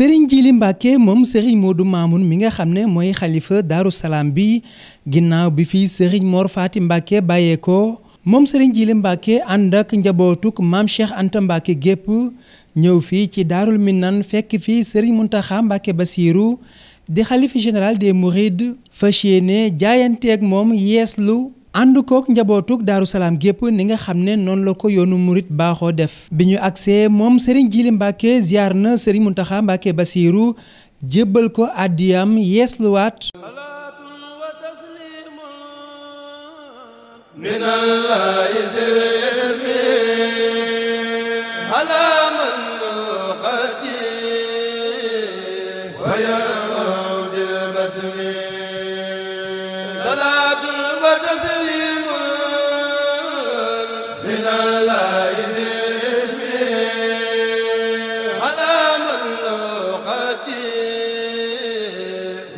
sëriñ Jili Mbàkke moom sëriñ Modou Mamoun mi nga xam ne mooy xalifa Daaru Salaam bi ginnaaw bi fii sëriñ Mor Faati Mbàkke bàyyee ko moom sëriñ Jili Mbàkke ànd ak njabootuk maam Cheikh Anta Mbàkke gépp ñëw fii ci Daarul Minan fekk fii sëriñ Muntaxa Mbàkke Basiiru di xalifa général des Mourides fas yéene jaayanteeg moom yeeslu ànd kook njabootuk daaru salaam gépp ni nga xam ne noonu la ko yoonu murit baaxoo def bi ñu agsee moom sëriñ Jili Mbàkke ziar na sëriñ Muntaxa Mbàkke Basiiru jébbal ko àddiyam yeesluwaat salaatun wa tasliimun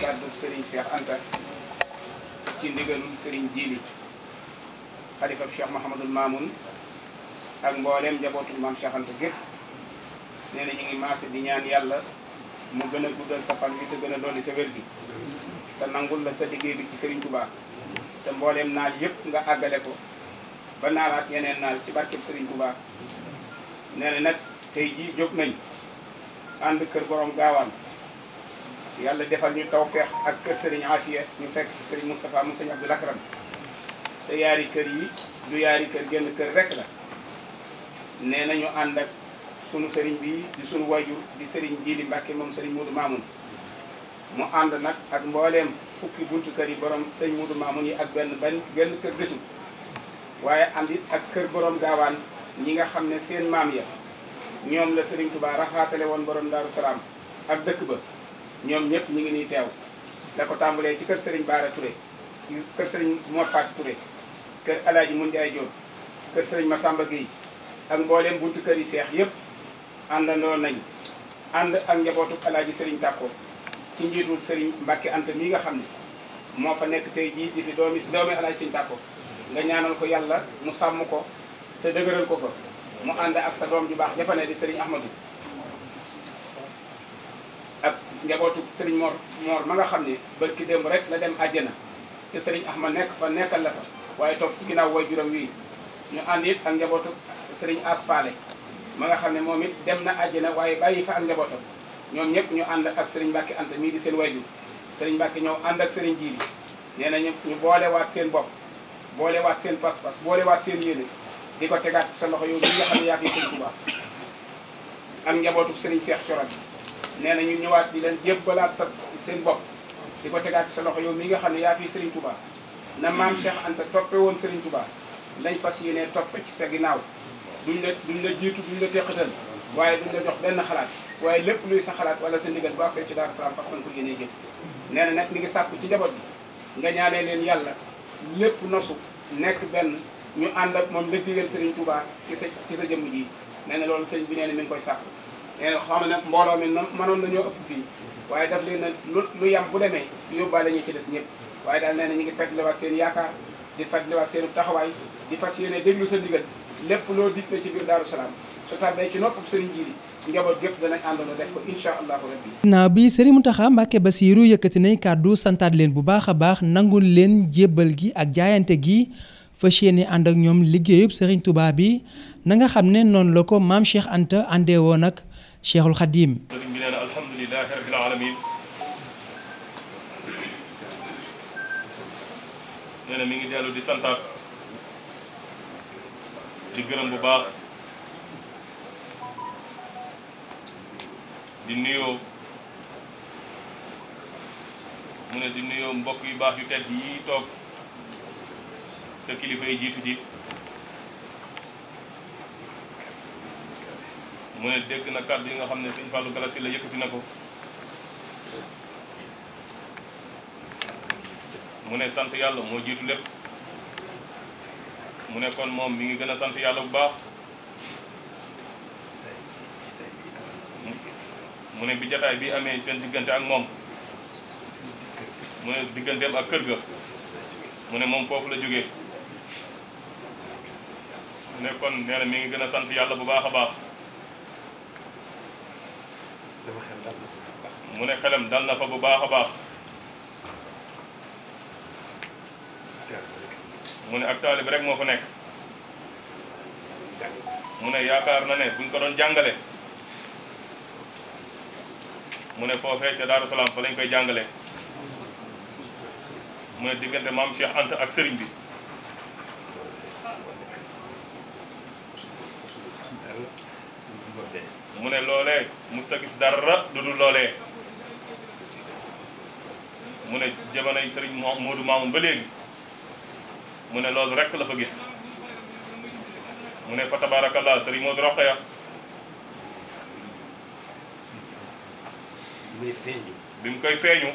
kàddu Serigne Cheikh Anta ci ndigalul Serigne Djili xalifa Cheikh Mouhamadul Mamoun ak mboolem njabootu maam Cheikh Anta gépp nee ñu ngi maase di ñaan yàlla mu gën a guddal sa bi te gën a dolli sa wér gi te nangul la sa liggéey bi ci Serigne Touba te mbooleem naal yëpp nga àggale ko ba naalaat yeneen naal ci barkeb Serigne Touba nee nag tey jii jóg nañ ànd kër borom gaawaan yàlla defal ñu feex ak kër Serigne Afia ñu fekk ci Serigne Moustapha mu Serigne Abdoul Akram te yaari kër yi du yaari kër genn kër rek la nee nañu ànd ak sunu sëriñ bi di sunu wajur di sëriñ di Mbàkke moom sëriñ Moodu Maamun mu ànd nag ak mbooleem fukki buntu kër yi borom sëriñ Moodu Maamun yi ak benn benn benn kër desul waaye àndi ak kër borom gaawaan ñi nga xam ne seen maam ya ñoom la sëriñ Tuubaa rafaatale woon borom Daaru Salaam ak dëkk ba ñoom ñëpp ñu ngi nii teew la ko tàmbalee ci kër sëriñ Bara Touré kër Serigne Mor Fatou Touré kër El Hadj Moundiaye Diop kër Serigne Massamba Gueye ak mboolem buntu kër yi seex yëpp àndandoo nañ ànd ak njabootu El Hadj Serigne Tako ci njiitul Serigne Mbacke ant mii nga xam ni moo fa nekk tey jii di fi doomi doomi El Hadj Serigne Tako nga ñaanal ko yàlla mu sàmm ko te dëgëral ko fa mu ànd ak sa doom ju baax jafa ne di Serigne Ahmadou ak njabootu sëriñ Mor Mor ma nga xam ni barki démb rek na dem àjjana te sëriñ ax ma nekk fa nekkal la fa waaye toog ci ginnaaw way juróom wii ñu ànd it ak njabootu sëriñ Asfaale ma nga xam ne moom it dem na na waaye bàyyi fa ak njabootam ñoom ñëpp ñu ànd ak sëriñ Mbacke Anta mii di seen wayjur sëriñ Mbacke ñoo ànd ak sëriñ Jiili nee na ñu ñu boolewaat seen bopp boolewaat seen pas-pas boolewaat seen yéene di ko tegaat sa loxo yow li nga xam ne yaa fi sëriñ Tuubaa nee na ñu ñëwaat di leen jébbalaat sa seen bopp di ko tegaat sa loxo yow mi nga xam ne yaa fii Serigne Touba na maam Cheikh Anta toppe woon Serigne Touba lañ fas yéenee toppe ci sa ginnaaw duñ la duñ la jiitu duñ la teqatal waaye duñ la jox benn xalaat waaye lépp luy sa xalaat wala sa ndigal baax see ci Daaru Salaam fas nañ ko yéenee jëf nee na mi ngi sàkku ci njaboot bi nga ñaanee leen yàlla lépp nosu nekk benn ñu ànd ak moom liggéeyal Serigne Touba ci sa ci sa jëmm ji nee na loolu sëriñ bi nee na mi ngi koy nee eh, na xam ne ëpp fii waaye daf leen a lu yam bu demee yóbbaale ñu des ñëpp waaye daal nee na ñu ngi fàttaliwaat seen yaakaar di fàttaliwaat seen taxawaay di fas yéene déglu sa ndigal lépp loo na def ko incha allahu rabbi. ginnaaw bi sëriñ Mountakha Mbacké Bassirou yëkkati nay kàddu santaat leen bu baax a baax nangu leen jébbal gi ak jaayante gi fas yéene ànd ak ñoom liggéeyub sëriñ tubaab yi na xam ne noon la ko maam Cheikh Anta àndee Cheikhul Khadim sëriñ bi nee na rabbil alamin nee mi ngi dellu di santaat di gërëm bu baax di nuyoo mu di nuyoo mbokk yu baax yu tedd yi toog te kilifa yi jiitu ji mu ne dégg na kàddu yi nga xam ne sëñ Fallou Gallassi la yëkkati na ko mu ne sant yàlla moo jiitu lépp mu ne kon moom mi ngi gën a sant yàlla bu baax mu ne bi jataay bi amee seen diggante ak moom mu ne digganteem ak kër ga mu ne moom foofu la jóge mu ne kon nee na ngi gën a sant yàlla bu baax a baax sama xel dal na fa bu baax. ne xelam dal na fa bu baax a baax. mu ne ak taalib rek moo fa nekk. mu ne yaakaar na ne buñ ko doon jàngale. mu ne foofee ca Daaru Salaam fa lañ koy jàngale. mu ne diggante maam Cheikh Anta ak sëriñ bi. mu ne loolee mu sa gis dara lu dul loolee mu ne jamonoy sëriñ Moodu Maamun ba léegi mu ne loolu rekk la fa gis mu ne fa tabarakallah sëriñ Moodu Roqaya muy feeñu bi mu koy feeñu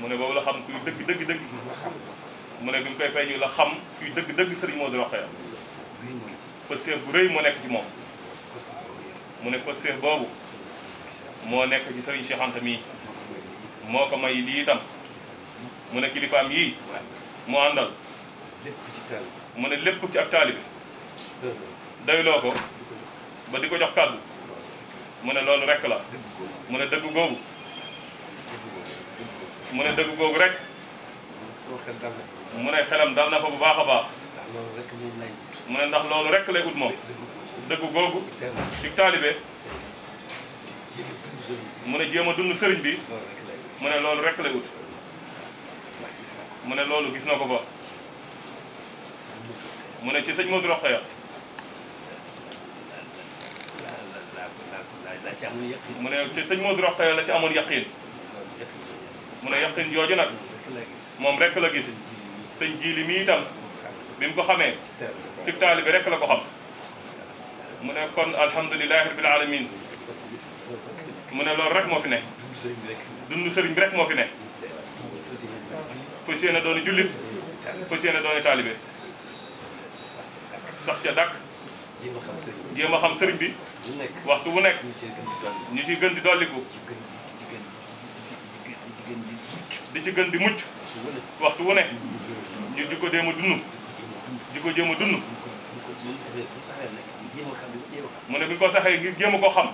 mu ne boobu la xam kuy dëgg dëgg dëgg mu ne bi mu koy feeñu la xam kuy dëgg sëriñ Moodu Roqaya bu rëy moo nekk ci moom mu ne posture boobu moo nekk ci sëriñ Cheikh Anta mii moo ko may liitam mu ne kilifaam yii mu àndal mu ne lépp ci ak taalibe doyloo ko ba di ko jox kàddu mu ne loolu rekk la mu ne dëgg googu mu ne dëgg googu rek mu ne xelam dal na fa bu baax a baax mu ne ndax loolu rekk lay ut dëggu googu ci taalibe mu ne jéem a dund sëriñ bi mu ne loolu rek lay wut ne loolu gis na ko fa mu ne ci sëñ Modou Rokhaya mu ne ci sëñ Modou Rokhaya la ci amoon yaqin mu ne yaqin jooju nag moom rek la gis sëñ jiili mi itam bi taalibe rek la ko mu ne kon alhamdulilahi ne loolu rek moo fi ne dund sëriñ bi rek moo fi ne fas yéene doon jullit fas yéene doon taalibe sax ca dàkk jéem a xam sëriñ bi waxtu bu nekk ñu ci gën di dolliku di ci gën di mucc waxtu wu nekk ñu di ko jéem a dund di ko jéem a dund mu ne bi ko saxee ngir jéem a koo xam.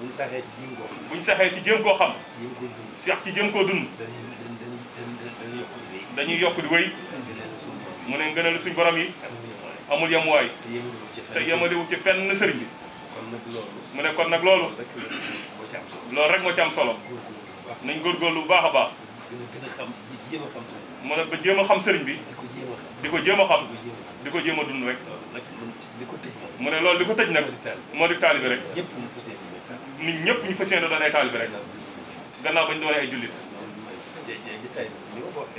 buñ saxee ci jéem buñ saxee ci jéem koo xam. jéem koo seex ci jéem koo dund. dañuy yokk di wéy. mu ne ngënal suñ borom yi. amul yemuwaay. te yemaliwu ci fenn sëriñ bi. mu ne kon nag loolu. loolu rek moo ci solo. nañ góorgóorlu lu baax a baax. mu ne ba jéem a xam sëriñ bi. di ko jéem a xam. di ko jéem a dund rek. nag li ko tëj mu ne loolu li ko tëj nag moo di taalibe rek nit ñëpp ñu fas yéene doon ay taalibe rek gannaaw bañ doon ay jullit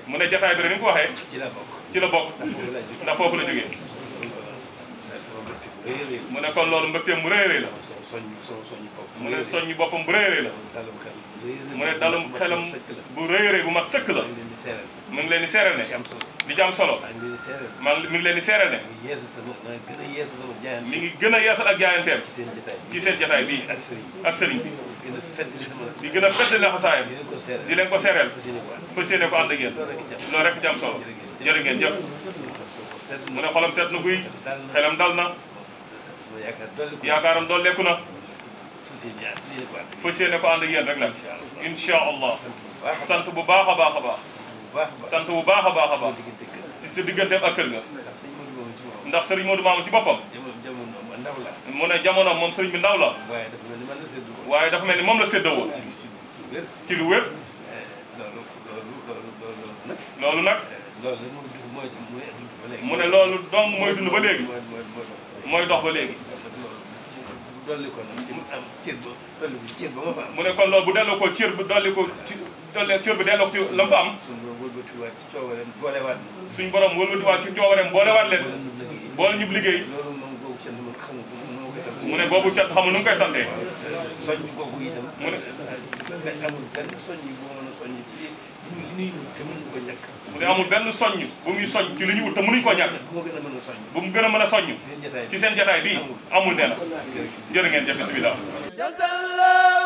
mu ne jataay bi rek ni mu ko waxee ci la bokk ndax foofu la jógee mu ne kon loolu mbëgteem bu rëy rëy la mu ne soññ boppam bu rëy rëy la mu ne dalum xelam bu rëy rëy bu mat sëkk la mu ngi leen di seere ne li ci solo man mi ngi leen di seere ne mi ngi gën a yeesal ak jaayanteem ci seen jataay bii ak sëriñ bi di gën a fedd la xasaayam di leen ko seereel fas yéene ko ànd ak yéen rek ci solo jërë ngeen jëf mu ne xolam seet na guy xelam dal na sama yaakaar dolliku na yaakaaram dolliku na. fas yéene ko ànd ak yéen rek la. incha allah sant bu baax a baax a baax. sant bu baax a baax a baax. ci sa digganteem ak kër nga. ndax sëriñ Modou Mamoune ci boppam. mu ne jamono moom sëriñ bi ndaw la. waaye dafa mel ni moom la séddoo woon. ci lu wér. loolu nag. Eh, mu ne loolu dong mooy dund ba léegi. mooy dox ba léegi. dolli ko nag ci am cër ba dolli ko cër ba mu ne kon loolu bu delloo ko cër bu dolli ko ci dolli cër bu delloo ko ci la mu fa am. suñ borom wëlbatiwaat ci coowareem boolewaat leen. suñ borom wëlbatiwaat ci coowareem boolewaat leen. boole ñub liggéey. loolu moom boobu cant man xamul nu mu koy santee. mu ne boobu cant xamul nu mu koy ne amul benn soññ bu benn soññ ci te mënuñu ko ñàkk mu ne amul benn soññ bu muy soññ ci li ñu wut te mënuñu koo ñàkk bu mu gën a soññ ci seen jataay bi amul nee na jërë ngeen jëf bismillah